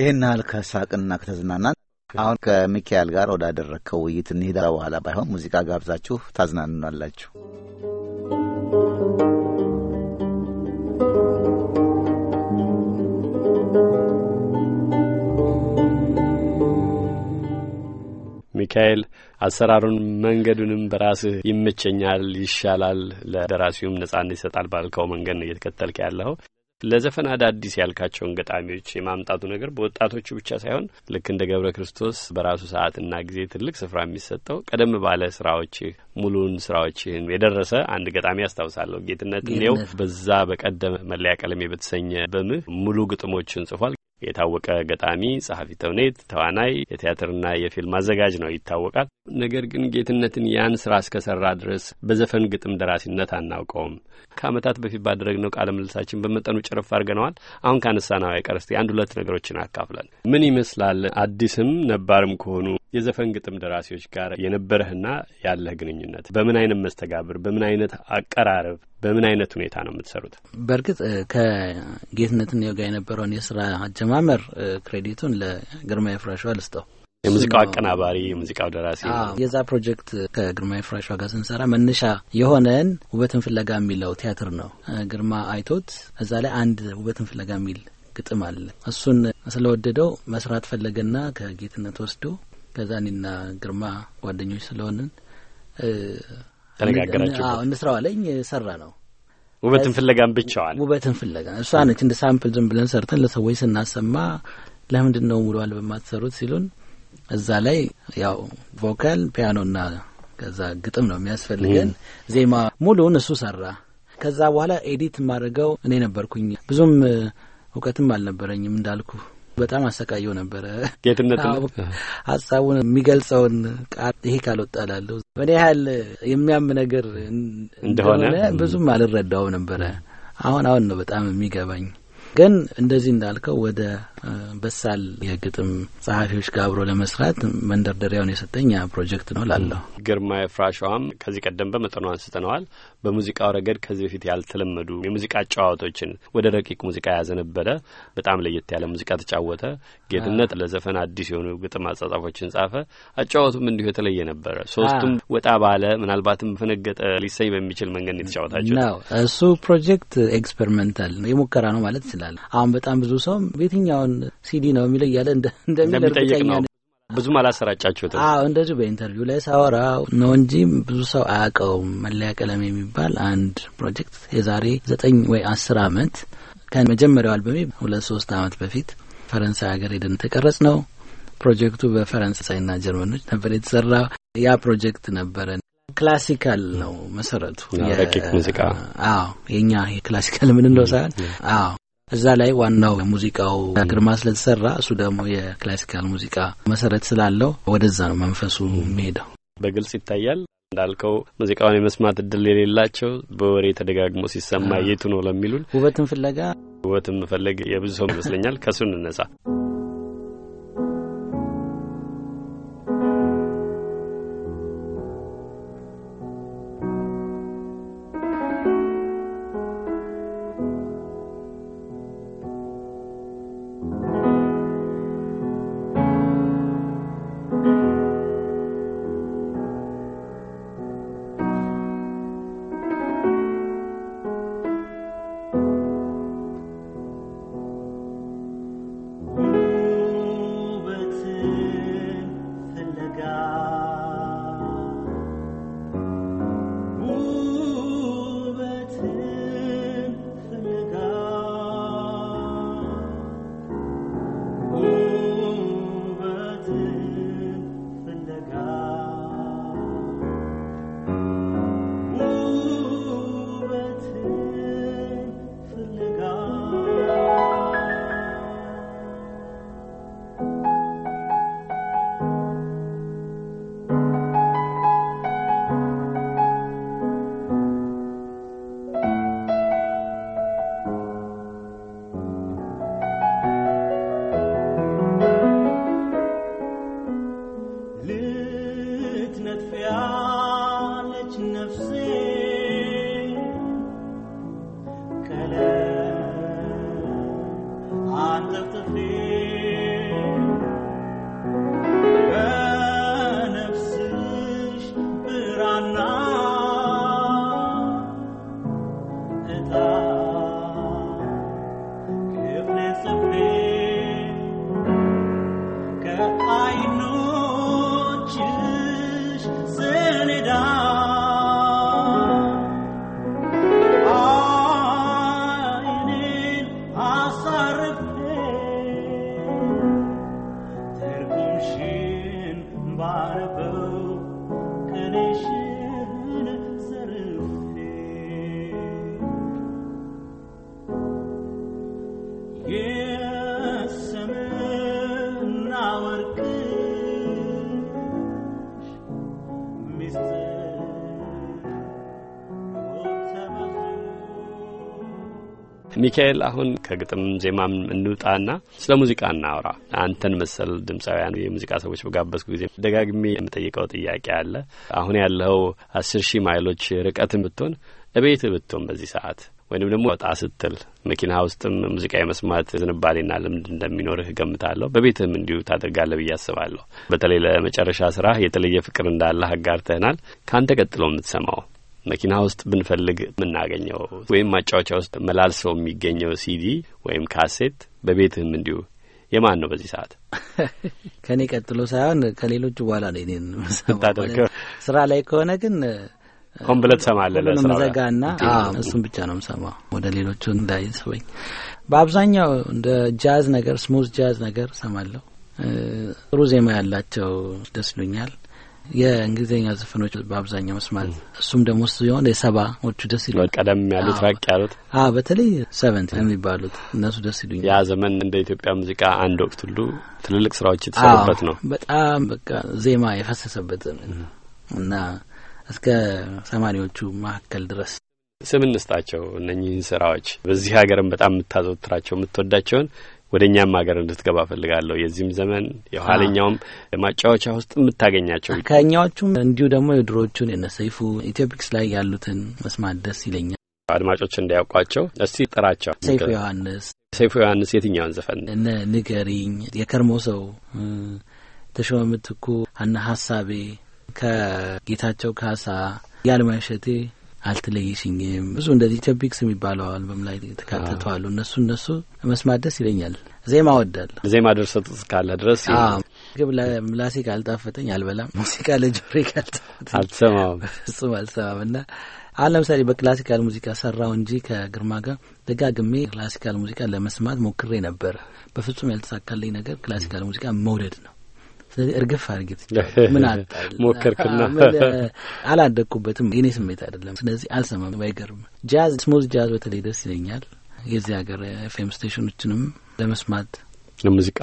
ይህን ያህል ከሳቅና ከተዝናናን አሁን ከሚካኤል ጋር ወዳደረግከው ውይይት እንሂዳ። በኋላ ባይሆን ሙዚቃ ጋብዛችሁ ታዝናንናላችሁ። ሚካኤል አሰራሩን መንገዱንም በራስህ ይመቸኛል፣ ይሻላል፣ ለደራሲውም ነጻነት ይሰጣል ባልከው መንገድ ነው እየተከተልከ ያለኸው። ለዘፈን አዳዲስ ያልካቸውን ገጣሚዎች የማምጣቱ ነገር በወጣቶቹ ብቻ ሳይሆን ልክ እንደ ገብረ ክርስቶስ በራሱ ሰዓትና ጊዜ ትልቅ ስፍራ የሚሰጠው ቀደም ባለ ስራዎችህ ሙሉን ስራዎችህን የደረሰ አንድ ገጣሚ ያስታውሳለሁ። ጌትነት እንዲያው በዛ በቀደመ መለያ ቀለሜ በተሰኘ በምህ ሙሉ ግጥሞችን ጽፏል። የታወቀ ገጣሚ፣ ጸሐፊ ተውኔት፣ ተዋናይ፣ የቲያትርና የፊልም አዘጋጅ ነው ይታወቃል። ነገር ግን ጌትነትን ያን ስራ እስከሰራ ድረስ በዘፈን ግጥም ደራሲነት አናውቀውም። ከአመታት በፊት ባደረግነው ቃለ ምልልሳችን በመጠኑ ጭርፍ አድርገነዋል። አሁን ካነሳ ነው አይቀር እስቲ አንድ ሁለት ነገሮችን አካፍለን ምን ይመስላል አዲስም ነባርም ከሆኑ የዘፈን ግጥም ደራሲዎች ጋር የነበረህና ያለህ ግንኙነት በምን አይነት መስተጋብር፣ በምን አይነት አቀራረብ፣ በምን አይነት ሁኔታ ነው የምትሰሩት? በእርግጥ ከጌትነት እኔው ጋር የነበረውን የስራ አጀማመር ክሬዲቱን ለግርማ የፍራሿ ልስጠው። የሙዚቃው አቀናባሪ፣ የሙዚቃው ደራሲ የዛ ፕሮጀክት ከግርማ የፍራሿ ጋር ስንሰራ መነሻ የሆነን ውበትን ፍለጋ የሚለው ቲያትር ነው። ግርማ አይቶት እዛ ላይ አንድ ውበትን ፍለጋ የሚል ግጥም አለ። እሱን ስለወደደው መስራት ፈለገና ከጌትነት ወስዶ ከዛ እኔና ግርማ ጓደኞች ስለሆንን ተነጋገራቸው እንስራዋለኝ ሰራ ነው። ውበትን ፍለጋን ብቻዋል ውበትን ፍለጋ እሷ ነች እንደ ሳምፕል ዝም ብለን ሰርተን ለሰዎች ስናሰማ ለምንድን ነው ሙሉ በማትሰሩት ሲሉን እዛ ላይ ያው ቮካል ፒያኖና ከዛ ግጥም ነው የሚያስፈልገን። ዜማ ሙሉውን እሱ ሰራ። ከዛ በኋላ ኤዲት ማድረገው እኔ ነበርኩኝ። ብዙም እውቀትም አልነበረኝም እንዳልኩ በጣም አሰቃየው ነበረ። ጌትነት ሀሳቡን የሚገልጸውን ቃል ይሄ ካልወጣላለሁ ምን ያህል የሚያም ነገር እንደሆነ ብዙም አልረዳው ነበረ። አሁን አሁን ነው በጣም የሚገባኝ። ግን እንደዚህ እንዳልከው ወደ በሳል የግጥም ጸሐፊዎች ጋር አብሮ ለመስራት መንደርደሪያውን የሰጠኝ ፕሮጀክት ነው ላለሁ። ግርማ የፍራሸዋም ከዚህ ቀደም በመጠኑ አንስተነዋል። በሙዚቃው ረገድ ከዚህ በፊት ያልተለመዱ የሙዚቃ ጨዋታዎችን ወደ ረቂቅ ሙዚቃ ያዘነበለ በጣም ለየት ያለ ሙዚቃ ተጫወተ። ጌትነት ለዘፈን አዲስ የሆኑ ግጥም አጻጻፎችን ጻፈ። አጫወቱም እንዲሁ የተለየ ነበረ። ሶስቱም ወጣ ባለ ምናልባትም ፈነገጠ ሊሰኝ በሚችል መንገድ የተጫወታቸው ነው። እሱ ፕሮጀክት ኤክስፐሪመንታል የሙከራ ነው ማለት ይችላል። አሁን በጣም ብዙ ሰው በየትኛው እንኳን ሲዲ ነው የሚለው እያለ እንደሚል እርግጠኛ ብዙም አላሰራጫችሁትም? አዎ እንደዚሁ በኢንተርቪው ላይ ሳወራ ነው እንጂ ብዙ ሰው አያውቀውም። መለያ ቀለም የሚባል አንድ ፕሮጀክት የዛሬ ዘጠኝ ወይ አስር አመት ከመጀመሪያው አልበሜ ሁለት ሶስት አመት በፊት ፈረንሳይ ሀገር ሄደን ተቀረጽ ነው። ፕሮጀክቱ በፈረንሳይና ጀርመኖች ነበር የተሰራ። ያ ፕሮጀክት ነበረ። ክላሲካል ነው መሰረቱ፣ ረቂቅ ሙዚቃ። አዎ የእኛ የክላሲካል ምንለው ሳይሆን አዎ እዛ ላይ ዋናው ሙዚቃው ግርማ ስለተሰራ እሱ ደግሞ የክላሲካል ሙዚቃ መሰረት ስላለው ወደዛ ነው መንፈሱ የሚሄደው። በግልጽ ይታያል። እንዳልከው ሙዚቃውን የመስማት እድል የሌላቸው በወሬ ተደጋግሞ ሲሰማ የቱ ነው ለሚሉን ውበትን ፍለጋ ውበትን መፈለግ የብዙ ሰው ይመስለኛል። ከሱ እንነሳ። var ሚካኤል፣ አሁን ከግጥም ዜማም እንውጣና ስለ ሙዚቃ እናውራ። አንተን መሰል ድምፃውያን የሙዚቃ ሰዎች በጋበዝኩ ጊዜ ደጋግሜ የምጠይቀው ጥያቄ አለ። አሁን ያለው አስር ሺህ ማይሎች ርቀትን ብትሆን እቤት ብትሆን በዚህ ሰዓት ወይንም ደግሞ ወጣ ስትል መኪና ውስጥም ሙዚቃ የመስማት ዝንባሌና ልምድ እንደሚኖርህ እገምታለሁ። በቤትህም እንዲሁ ታደርጋለህ ብዬ አስባለሁ። በተለይ ለመጨረሻ ስራህ የተለየ ፍቅር እንዳለህ አጋርተህናል። ከአንተ ቀጥሎ የምትሰማው መኪና ውስጥ ብንፈልግ የምናገኘው ወይም ማጫወቻ ውስጥ መላልሰው የሚገኘው ሲዲ ወይም ካሴት በቤትህም እንዲሁ የማን ነው? በዚህ ሰዓት ከእኔ ቀጥሎ ሳይሆን ከሌሎቹ በኋላ ነው እኔን ምታደርገው። ስራ ላይ ከሆነ ግን ሆን ብለህ ትሰማለህ። ለስራ ዘጋና እሱን ብቻ ነው የምሰማው፣ ወደ ሌሎቹ እንዳይስበኝ። በአብዛኛው እንደ ጃዝ ነገር፣ ስሙዝ ጃዝ ነገር ሰማለሁ። ጥሩ ዜማ ያላቸው ደስ ይሉኛል። የእንግሊዝኛ ዘፈኖች በአብዛኛው መስማት እሱም ደግሞ ሲሆን የሰባዎቹ ደስ ይሉ ቀደም ያሉት ራቅ ያሉት በተለይ ሰቨንት የሚባሉት እነሱ ደስ ይሉኝ። ያ ዘመን እንደ ኢትዮጵያ ሙዚቃ አንድ ወቅት ሁሉ ትልልቅ ስራዎች የተሰሩበት ነው። በጣም በቃ ዜማ የፈሰሰበት ዘመን እና እስከ ሰማኒዎቹ መካከል ድረስ ስም እንስጣቸው እነኚህን ስራዎች በዚህ ሀገርም በጣም የምታዘወትራቸው የምትወዳቸውን ወደ እኛም ሀገር እንድትገባ ፈልጋለሁ። የዚህም ዘመን የኋለኛውም ማጫወቻ ውስጥ የምታገኛቸው ከኛዎቹም እንዲሁ ደግሞ የድሮቹን የነሰይፉ ኢትዮፒክስ ላይ ያሉትን መስማት ደስ ይለኛል። አድማጮች እንዳያውቋቸው እስቲ ጥራቸው። ሰይፉ ዮሐንስ ሰይፉ ዮሐንስ የትኛውን ዘፈን እነ ንገሪኝ፣ የከርሞ ሰው፣ ተሾመ ምትኩ፣ አነ ሀሳቤ ከጌታቸው ካሳ፣ ያለማሸቴ አልትለይሽኝም ብዙ እንደዚህ ቸቢክስ የሚባለው አልበም ላይ ተካተተዋሉ። እነሱ እነሱ መስማት ደስ ይለኛል። ዜማ ወዳል ዜማ ድርሰት እስካለ ድረስ ግብ ምላሴ ካልጣፈጠኝ አልበላም። ሙዚቃ ለጆሬ ካልጣፈጠኝ አልሰማም፣ አልሰማም እና አሁን ለምሳሌ በክላሲካል ሙዚቃ ሰራው እንጂ ከግርማ ጋር ደጋግሜ ክላሲካል ሙዚቃ ለመስማት ሞክሬ ነበር በፍጹም ያልተሳካልኝ ነገር ክላሲካል ሙዚቃ መውደድ ነው። እርግፍ አርግት ምን ሞከርክና አላደግኩበትም። እኔ ስሜት አይደለም፣ ስለዚህ አልሰማም። ባይገርም ጃዝ፣ ስሙዝ ጃዝ በተለይ ደስ ይለኛል። የዚህ ሀገር ኤፍኤም ስቴሽኖችንም ለመስማት ሙዚቃ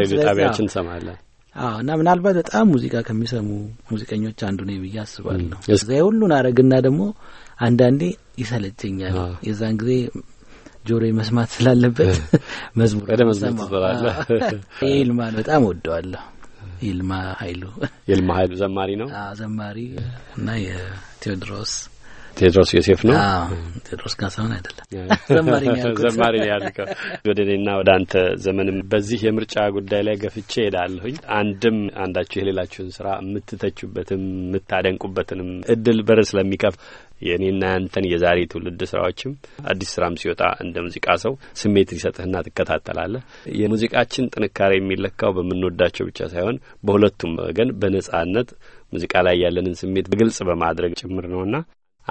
ሬዲዮ ጣቢያችን እንሰማለን። አዎ እና ምናልባት በጣም ሙዚቃ ከሚሰሙ ሙዚቀኞች አንዱ ነው ብዬ አስባለሁ። እዚያ የሁሉን አረግና ደግሞ አንዳንዴ ይሰለቸኛል። የዛን ጊዜ ጆሮ መስማት ስላለበት መዝሙር ይልማን በጣም ወደዋለሁ። ይልማ ሀይሉ ይልማ ሀይሉ ዘማሪ ነው። ዘማሪ እና የቴዎድሮስ ቴድሮስ ዮሴፍ ነው። ቴድሮስ ካሳሁን አይደለም ዘማሪ ያልከው። ወደ እኔና ወደ አንተ ዘመንም በዚህ የምርጫ ጉዳይ ላይ ገፍቼ ሄዳለሁኝ። አንድም አንዳችሁ የሌላችሁን ስራ የምትተቹበትም የምታደንቁበትንም እድል በር ስለሚከፍት የእኔና ያንተን የዛሬ ትውልድ ስራዎችም አዲስ ስራም ሲወጣ እንደ ሙዚቃ ሰው ስሜት ሊሰጥህና ትከታተላለህ። የሙዚቃችን ጥንካሬ የሚለካው በምንወዳቸው ብቻ ሳይሆን በሁለቱም ወገን በነጻነት ሙዚቃ ላይ ያለንን ስሜት በግልጽ በማድረግ ጭምር ነውና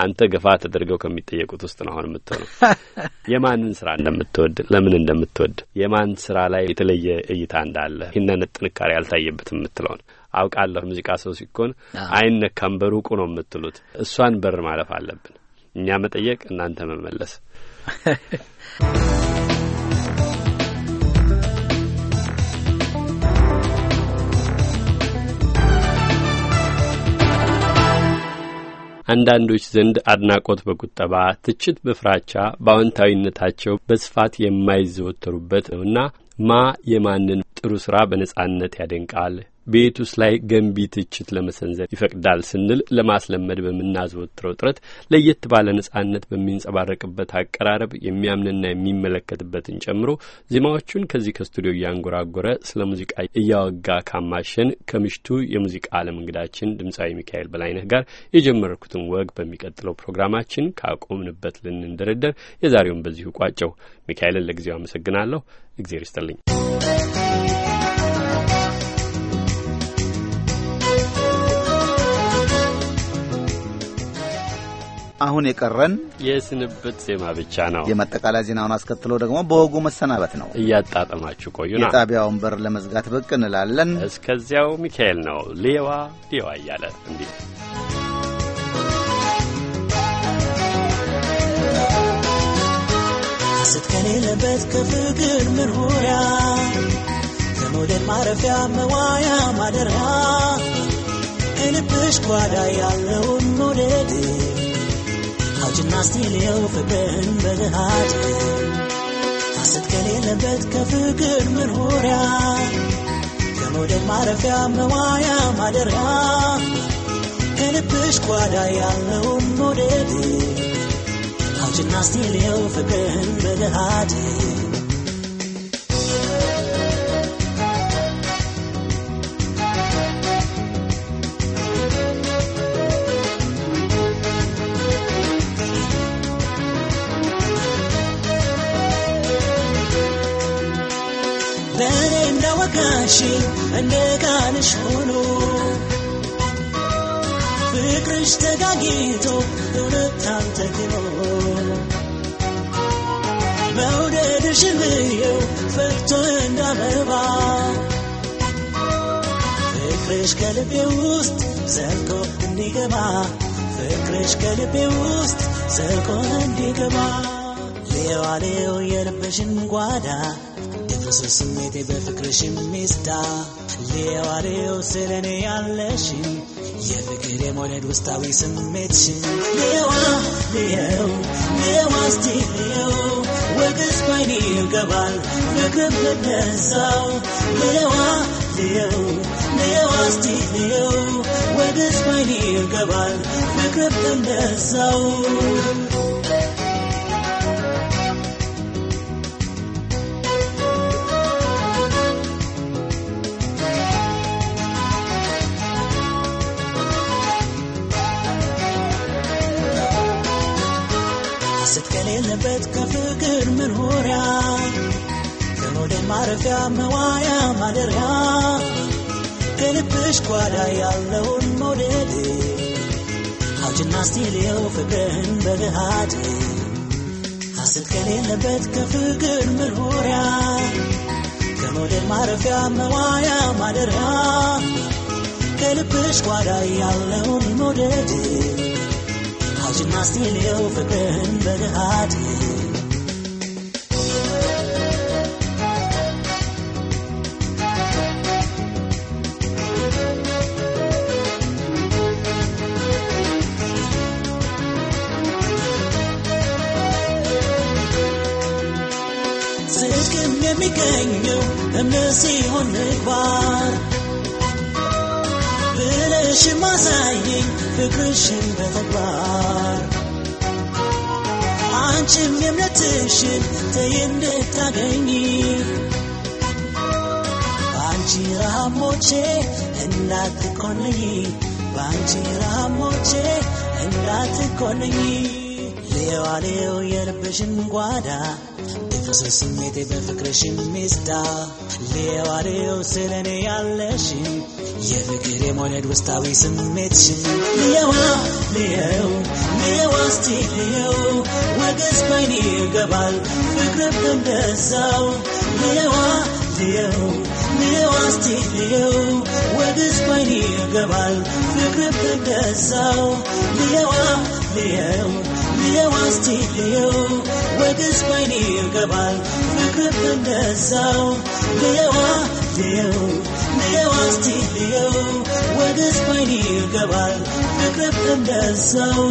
አንተ ገፋ ተደርገው ከሚጠየቁት ውስጥ ነው አሁን የምትሆነው። የማንን ስራ እንደምትወድ ለምን እንደምትወድ የማን ስራ ላይ የተለየ እይታ እንዳለ ይህንን ጥንካሬ አልታየበትም የምትለውን አውቃለሁ። ሙዚቃ ሰው ሲኮን አይነካም በሩቁ ነው የምትሉት። እሷን በር ማለፍ አለብን እኛ መጠየቅ፣ እናንተ መመለስ። አንዳንዶች ዘንድ አድናቆት በቁጠባ ትችት በፍራቻ በአዎንታዊነታቸው በስፋት የማይዘወተሩበት ነውና ማ የማንን ጥሩ ስራ በነጻነት ያደንቃል ቤት ውስጥ ላይ ገንቢ ትችት ለመሰንዘር ይፈቅዳል ስንል ለማስለመድ በምናዘወትረው ጥረት ለየት ባለ ነጻነት በሚንጸባረቅበት አቀራረብ የሚያምንና የሚመለከትበትን ጨምሮ ዜማዎቹን ከዚህ ከስቱዲዮ እያንጎራጎረ ስለ ሙዚቃ እያወጋ ካማሸን ከምሽቱ የሙዚቃ ዓለም እንግዳችን ድምፃዊ ሚካኤል በላይነህ ጋር የጀመርኩትን ወግ በሚቀጥለው ፕሮግራማችን ካቆምንበት ልንደረደር የዛሬውን በዚሁ ቋጨው። ሚካኤልን ለጊዜው አመሰግናለሁ። እግዜር ይስጥልኝ። አሁን የቀረን የስንብት ዜማ ብቻ ነው። የማጠቃለያ ዜናውን አስከትሎ ደግሞ በወጉ መሰናበት ነው። እያጣጠማችሁ ቆዩና የጣቢያውን በር ለመዝጋት ብቅ እንላለን። እስከዚያው ሚካኤል ነው ሌዋ ሌዋ እያለ እንዲህ ሐሰት ከፍቅር መኖሪያ ከመውደድ ማረፊያ መዋያ ማደሪያ ከልብሽ ጓዳ ያለውን መውደድ ናስቲን የውፍቅን በግሃድ ሐሰት ከሌለበት ከፍቅር መኖሪያ ከመውደድ ማረፊያ መዋያ ማደሪያ ከልብሽ ጓዳ ያለውን መውደድ አውጭና ስቲል የውፍቅን በግሃድ ዳሽን እንደ ቃልሽ ሆኖ ፍቅርሽ ተጋጊቶ እውነት ታንተግኖ መውደድሽን ብየው ፈርቶ እንዳበባ ፍቅርሽ ከልቤ ውስጥ ዘልቆ እንዲገባ ፍቅርሽ ከልቤ ውስጥ ዘልቆ እንዲገባ ሌዋሌው የልብሽን ጓዳ የፍቅር ስሜቴ በፍቅርሽ ሚስታ ሌዋሬው ስለኔ ያለሽን የፍቅር የመውደድ ውስጣዊ ስሜትሽን ሌዋ ልየው ሌዋ እስቲ ወግስ ባይኔ ይገባል በክብ ሌዋ ልየው ሌዋ እስቲ ወግስ ባይኔ ይገባል በክብ አለበት ከፍቅር መኖሪያ ከኖደ ማረፊያ መዋያ ማደሪያ ከልብሽ ጓዳ ያለውን መውደድ አውጅና ስቲልየው ፍቅርህን በገሃድ ሐሰት ከሌለበት ከፍቅር መኖሪያ ከኖደ ማረፊያ መዋያ ማደሪያ ከልብሽ ጓዳ ያለውን መውደድ ማስቴሌው ፍቅርን በድሃት ጽድቅም የሚገኘው እምነት ሲሆን ምግባር ብለሽ ማሳየኝ ፍቅርሽን በተግባር አንቺም የእምነትሽን እንድታገኝ በአንቺ ራሞቼ እንዳትኮንኝ በአንቺ ራሞቼ እንዳትኮንኝ ሌዋሌው የልብሽን ጓዳ በፍቅር ስሜቴ በፍቅርሽ ሚስዳ ሌዋሌው ስለኔ ያለሽን የፍቅር የመውደድ ውስጣዊ ስሜትሽን ልየዋ ልየው ልየው እስቲ ልየው ወገዝ ባይኔ ይገባል ፍቅርም እንደዛው ልየዋ ልየው ልየው እስቲ ልየው ወገዝ ባይኔ ይገባል ፍቅርም እንደዛው ልየዋ ልየው ልየው እስቲ ልየው ወገዝ ባይኔ ይገባል ፍቅርም እንደዛው ልየዋ Deus ደዋስቲ እዩ ወደ ስፓይኒ ይገባል ፍቅር ቅደሰው